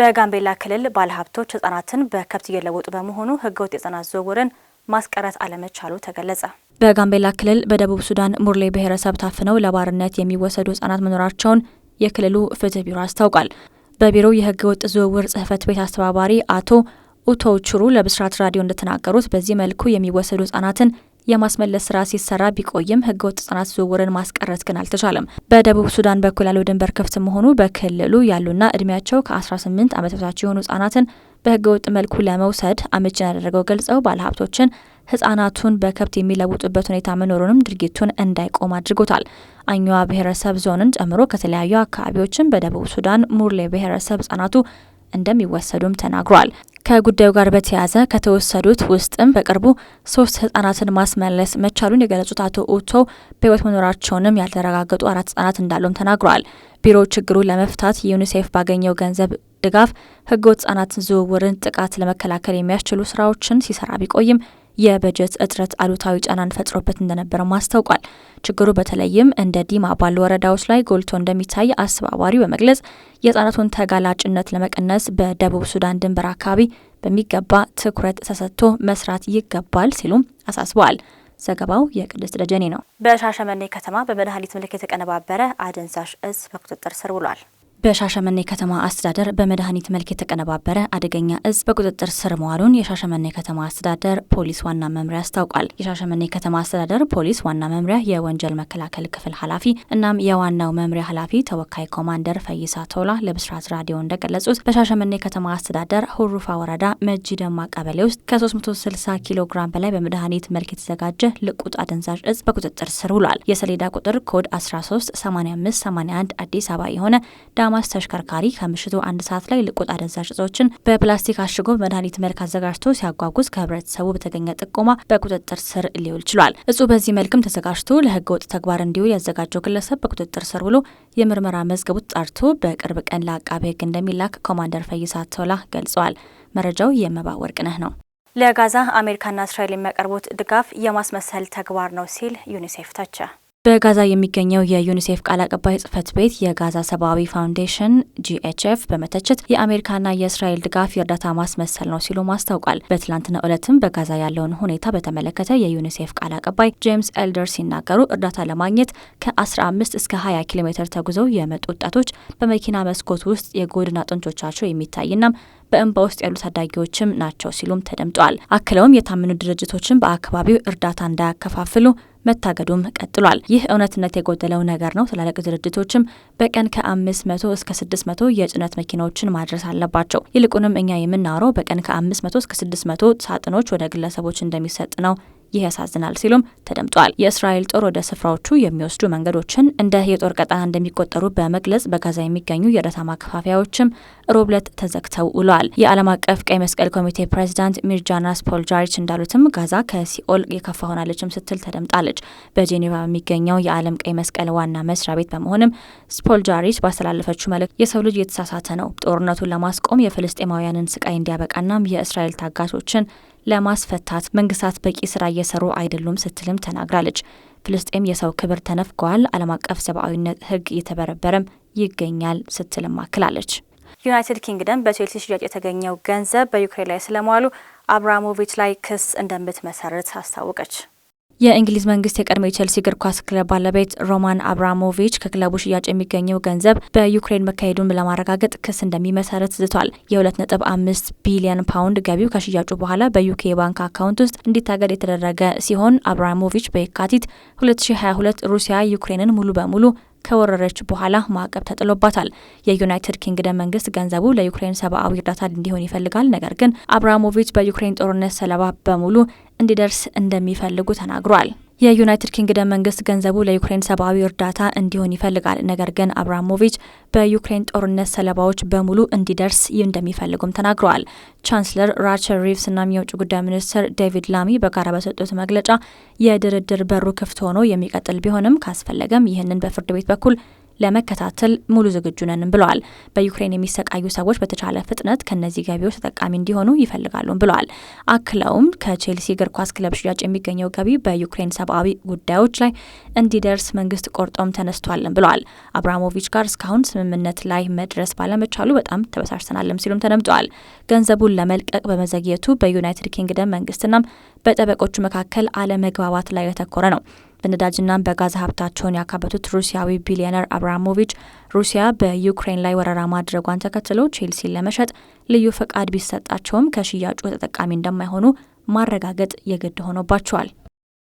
በጋምቤላ ክልል ባለሀብቶች ህጻናትን በከብት እየለወጡ በመሆኑ ህገወጥ የህጻናት ዝውውርን ማስቀረት አለመቻሉ ተገለጸ። በጋምቤላ ክልል በደቡብ ሱዳን ሙርሌ ብሔረሰብ ታፍነው ለባርነት የሚወሰዱ ህጻናት መኖራቸውን የክልሉ ፍትህ ቢሮ አስታውቋል። በቢሮው የህገ ወጥ ዝውውር ጽህፈት ቤት አስተባባሪ አቶ ኡቶችሩ ለብስራት ራዲዮ እንደተናገሩት በዚህ መልኩ የሚወሰዱ ህጻናትን የማስመለስ ስራ ሲሰራ ቢቆይም ህገወጥ ህጻናት ዝውውርን ማስቀረት ግን አልተቻለም። በደቡብ ሱዳን በኩል ያለው ድንበር ክፍት መሆኑ በክልሉ ያሉና እድሜያቸው ከ18 ዓመት በታች የሆኑ ህጻናትን በህገወጥ መልኩ ለመውሰድ አመቺን ያደረገው ገልጸው ባለሀብቶችን ህጻናቱን በከብት የሚለውጡበት ሁኔታ መኖሩንም ድርጊቱን እንዳይቆም አድርጎታል። አኛዋ ብሔረሰብ ዞንን ጨምሮ ከተለያዩ አካባቢዎችም በደቡብ ሱዳን ሙርሌ ብሔረሰብ ህጻናቱ እንደሚወሰዱም ተናግሯል። ከጉዳዩ ጋር በተያያዘ ከተወሰዱት ውስጥም በቅርቡ ሶስት ህጻናትን ማስመለስ መቻሉን የገለጹት አቶ ኡቶ በህይወት መኖራቸውንም ያልተረጋገጡ አራት ህጻናት እንዳሉም ተናግሯል። ቢሮው ችግሩን ለመፍታት ዩኒሴፍ ባገኘው ገንዘብ ድጋፍ ህገወጥ ህጻናትን ዝውውርን ጥቃት ለመከላከል የሚያስችሉ ስራዎችን ሲሰራ ቢቆይም የበጀት እጥረት አሉታዊ ጫናን ፈጥሮበት እንደነበረም አስታውቋል። ችግሩ በተለይም እንደ ዲማ ባሉ ወረዳዎች ላይ ጎልቶ እንደሚታይ አስተባባሪው በመግለጽ የህጻናቱን ተጋላጭነት ለመቀነስ በደቡብ ሱዳን ድንበር አካባቢ በሚገባ ትኩረት ተሰጥቶ መስራት ይገባል ሲሉም አሳስበዋል። ዘገባው የቅድስት ደጀኔ ነው። በሻሸመኔ ከተማ በመድኃኒት ምልክ የተቀነባበረ አደንዛዥ እጽ በቁጥጥር ስር ውሏል። በሻሸመኔ ከተማ አስተዳደር በመድኃኒት መልክ የተቀነባበረ አደገኛ እጽ በቁጥጥር ስር መዋሉን የሻሸመኔ ከተማ አስተዳደር ፖሊስ ዋና መምሪያ አስታውቋል። የሻሸመኔ ከተማ አስተዳደር ፖሊስ ዋና መምሪያ የወንጀል መከላከል ክፍል ኃላፊ እናም የዋናው መምሪያ ኃላፊ ተወካይ ኮማንደር ፈይሳ ቶላ ለብስራት ራዲዮ እንደገለጹት በሻሸመኔ ከተማ አስተዳደር ሁሩፋ ወረዳ መጂ ደማ ቀበሌ ውስጥ ከ360 ኪሎ ግራም በላይ በመድኃኒት መልክ የተዘጋጀ ልቁጥ አደንዛዥ እጽ በቁጥጥር ስር ውሏል። የሰሌዳ ቁጥር ኮድ 138581 አዲስ አበባ የሆነ ዳማስ ተሽከርካሪ ከምሽቱ አንድ ሰዓት ላይ ልቆጣ አደንዛዥ እጾችን በፕላስቲክ አሽጎ በመድኃኒት መልክ አዘጋጅቶ ሲያጓጉዝ ከህብረተሰቡ በተገኘ ጥቆማ በቁጥጥር ስር ሊውል ችሏል። እጹ በዚህ መልክም ተዘጋጅቶ ለህገ ወጥ ተግባር እንዲውል ያዘጋጀው ግለሰብ በቁጥጥር ስር ውሎ የምርመራ መዝገቡ ተጣርቶ በቅርብ ቀን ለአቃቤ ህግ እንደሚላክ ኮማንደር ፈይሳ ቶላ ገልጸዋል። መረጃው የመባ ወርቅነህ ነው። ለጋዛ አሜሪካና እስራኤል የሚያቀርቡት ድጋፍ የማስመሰል ተግባር ነው ሲል ዩኒሴፍ ተቸ። በጋዛ የሚገኘው የዩኒሴፍ ቃል አቀባይ ጽህፈት ቤት የጋዛ ሰብአዊ ፋውንዴሽን ጂኤችኤፍ በመተቸት የአሜሪካና የእስራኤል ድጋፍ የእርዳታ ማስመሰል ነው ሲሉ አስታውቋል። በትላንትናው ዕለትም በጋዛ ያለውን ሁኔታ በተመለከተ የዩኒሴፍ ቃል አቀባይ ጄምስ ኤልደር ሲናገሩ እርዳታ ለማግኘት ከ15 እስከ 20 ኪሎ ሜትር ተጉዘው የመጡ ወጣቶች በመኪና መስኮት ውስጥ የጎድን አጥንቶቻቸው የሚታይና በእንባ ውስጥ ያሉ ታዳጊዎችም ናቸው ሲሉም ተደምጠዋል። አክለውም የታመኑ ድርጅቶችን በአካባቢው እርዳታ እንዳያከፋፍሉ መታገዱም ቀጥሏል። ይህ እውነትነት የጎደለው ነገር ነው። ትላልቅ ድርጅቶችም በቀን ከአምስት መቶ እስከ ስድስት መቶ የጭነት መኪናዎችን ማድረስ አለባቸው። ይልቁንም እኛ የምናወራው በቀን ከአምስት መቶ እስከ ስድስት መቶ ሳጥኖች ወደ ግለሰቦች እንደሚሰጥ ነው። ይህ ያሳዝናል ሲሉም ተደምጧል። የእስራኤል ጦር ወደ ስፍራዎቹ የሚወስዱ መንገዶችን እንደ የጦር ቀጠና እንደሚቆጠሩ በመግለጽ በጋዛ የሚገኙ የእርዳታ ማከፋፈያዎችም ሮብለት ተዘግተው ውሏል። የዓለም አቀፍ ቀይ መስቀል ኮሚቴ ፕሬዚዳንት ሚርጃናስ ፖልጃሪች እንዳሉትም ጋዛ ከሲኦል የከፋ ሆናለችም ስትል ተደምጣለች። በጄኔቫ የሚገኘው የዓለም ቀይ መስቀል ዋና መስሪያ ቤት በመሆንም ስፖልጃሪች ባስተላለፈችው መልእክት የሰው ልጅ የተሳሳተ ነው። ጦርነቱን ለማስቆም የፍልስጤማውያንን ስቃይ እንዲያበቃናም የእስራኤል ታጋቾችን ለማስፈታት መንግስታት በቂ ስራ እየሰሩ አይደሉም ስትልም ተናግራለች። ፍልስጤም የሰው ክብር ተነፍገዋል፣ ዓለም አቀፍ ሰብአዊነት ህግ እየተበረበረም ይገኛል ስትልም አክላለች። ዩናይትድ ኪንግደም በቼልሲ ሽያጭ የተገኘው ገንዘብ በዩክሬን ላይ ስለመዋሉ አብራሞቪች ላይ ክስ እንደምትመሰርት አስታወቀች። የእንግሊዝ መንግስት የቀድሞ የቼልሲ እግር ኳስ ክለብ ባለቤት ሮማን አብራሞቪች ከክለቡ ሽያጭ የሚገኘው ገንዘብ በዩክሬን መካሄዱን ለማረጋገጥ ክስ እንደሚመሰረት ዝቷል። የ2.5 ቢሊዮን ፓውንድ ገቢው ከሽያጩ በኋላ በዩኬ ባንክ አካውንት ውስጥ እንዲታገድ የተደረገ ሲሆን አብራሞቪች በየካቲት 2022 ሩሲያ ዩክሬንን ሙሉ በሙሉ ከወረረች በኋላ ማዕቀብ ተጥሎባታል። የዩናይትድ ኪንግደም መንግስት ገንዘቡ ለዩክሬን ሰብአዊ እርዳታ እንዲሆን ይፈልጋል። ነገር ግን አብራሞቪች በዩክሬን ጦርነት ሰለባ በሙሉ እንዲደርስ እንደሚፈልጉ ተናግሯል። የዩናይትድ ኪንግደም መንግስት ገንዘቡ ለዩክሬን ሰብአዊ እርዳታ እንዲሆን ይፈልጋል። ነገር ግን አብራሞቪች በዩክሬን ጦርነት ሰለባዎች በሙሉ እንዲደርስ እንደሚፈልጉም ተናግረዋል። ቻንስለር ራቸል ሪቭስ እናም የውጭ ጉዳይ ሚኒስትር ዴቪድ ላሚ በጋራ በሰጡት መግለጫ የድርድር በሩ ክፍት ሆኖ የሚቀጥል ቢሆንም ካስፈለገም ይህንን በፍርድ ቤት በኩል ለመከታተል ሙሉ ዝግጁ ነንም ብለዋል። በዩክሬን የሚሰቃዩ ሰዎች በተቻለ ፍጥነት ከነዚህ ገቢዎች ተጠቃሚ እንዲሆኑ ይፈልጋሉም ብለዋል። አክለውም ከቼልሲ እግር ኳስ ክለብ ሽያጭ የሚገኘው ገቢ በዩክሬን ሰብአዊ ጉዳዮች ላይ እንዲደርስ መንግስት ቆርጦም ተነስቷልም ብለዋል። አብራሞቪች ጋር እስካሁን ስምምነት ላይ መድረስ ባለመቻሉ በጣም ተበሳጭተናልም ሲሉም ተደምጠዋል። ገንዘቡን ለመልቀቅ በመዘግየቱ በዩናይትድ ኪንግደም መንግስትናም በጠበቆቹ መካከል አለመግባባት ላይ የተኮረ ነው። በነዳጅና በጋዝ ሀብታቸውን ያካበቱት ሩሲያዊ ቢሊዮነር አብራሞቪች ሩሲያ በዩክሬን ላይ ወረራ ማድረጓን ተከትሎ ቼልሲን ለመሸጥ ልዩ ፈቃድ ቢሰጣቸውም ከሽያጩ ተጠቃሚ እንደማይሆኑ ማረጋገጥ የግድ ሆኖባቸዋል።